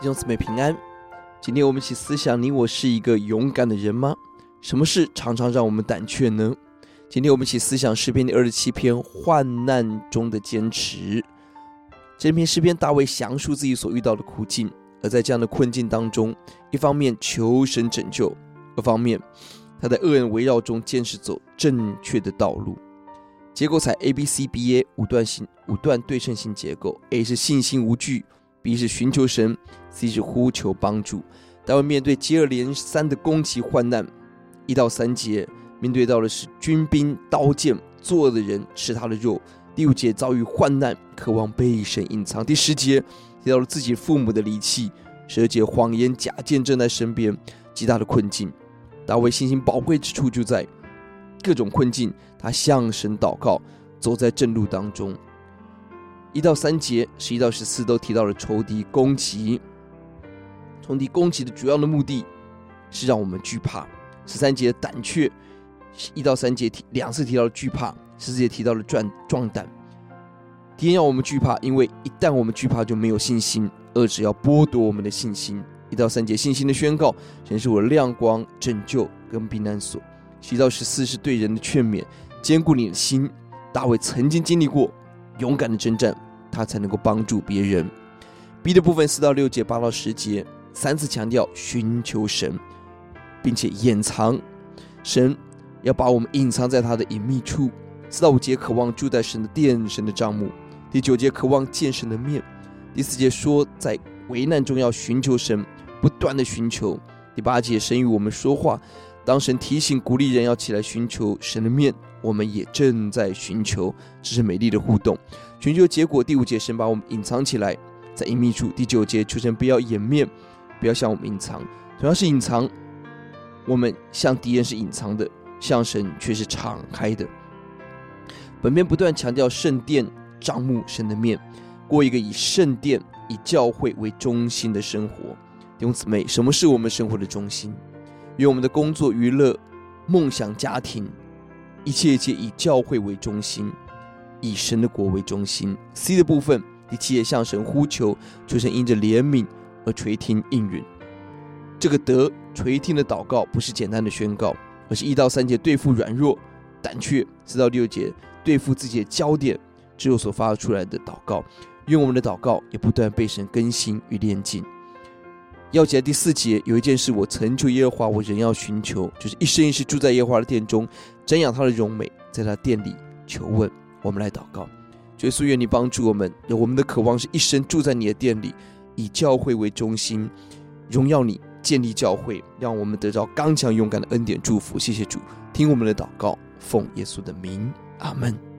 弟兄姊妹平安，今天我們一起思想：你我是一個勇敢的人嗎？什麼事常常讓我們膽怯呢？今天我們一起思想詩篇第二十七篇《患難中的堅持》。這篇詩篇大衛詳述自己所遇到的困境，而在這樣的困境當中，一方面求神拯救，一方面他在惡人圍繞中堅持走正確的道路。結構採 A B C B A 五段性、五段對稱性結構。A 是信心無懼。B 是尋求神，C 是呼求幫助。大衛面對接二連三的攻擊患難，一到三節面對到的是軍兵刀劍，作惡的人吃他的肉；第五節遭遇患難，渴望被神隱藏；第十節提到了自己父母的離棄；十二節謊言假見證在身邊，極大的困境。大衛信心寶貴之處就在各種困境，他向神禱告，走在正路當中。一到三節，十一到十四都提到了仇敵攻擊。仇敵攻擊的主要的目的，是讓我們懼怕。十三節的膽怯，一到三節提兩次提到了懼怕，十四節提到了壯壯膽。第一要我們懼怕，因為一旦我們懼怕，就沒有信心；，二，只要剝奪我們的信心。一到三節信心的宣告，神是我的亮光、拯救跟避難所。十一到十四是對人的勸勉，堅固你的心。大衛曾經經歷過。勇敢的征戰，他才能夠幫助別人。B 的部分四到六節、八到十節，三次強調尋求神，並且掩藏，神要把我們隱藏在他的隱秘處。四到五節渴望住在神的殿、神的帳幕。第九節渴望見神的面。第四節說在危難中要尋求神，不斷的尋求。第八節神與我們說話。當神提醒、鼓勵人要起來尋求神的面，我們也正在尋求，這是美麗的互動。尋求結果，第五節神把我們隱藏起來，在隱秘處；第九節求神不要掩面，不要向我們隱藏。同樣是隱藏，我們向敵人是隱藏的，向神卻是敞開的。本篇不斷強調聖殿、帳幕、神的面，過一個以聖殿、以教會為中心的生活。弟兄姊妹，什麼是我們生活的中心？願我們的工作、娛樂、夢想、家庭，一切一切以教會為中心，以神的國為中心。C 的部分，第七節向神呼求，求神因着憐憫而垂聽應允。這個得垂聽的禱告不是簡單的宣告，而是一到三節對付軟弱膽怯，四到六節對付自己的焦點之後所發出來的禱告。願我們的禱告也不斷被神更新與煉淨。鑰節第四節有一件事，我曾求耶和華，我仍要尋求，就是一生一世住在耶和華的殿中，瞻仰他的榮美，在他的殿裡求問。我們來禱告，耶穌，願你幫助我們。讓我們的渴望是一生住在你的殿裡，以教會為中心，榮耀你，建立教會，讓我們得到剛強勇敢的恩典祝福。謝謝主，聽我們的禱告，奉耶穌的名，阿門。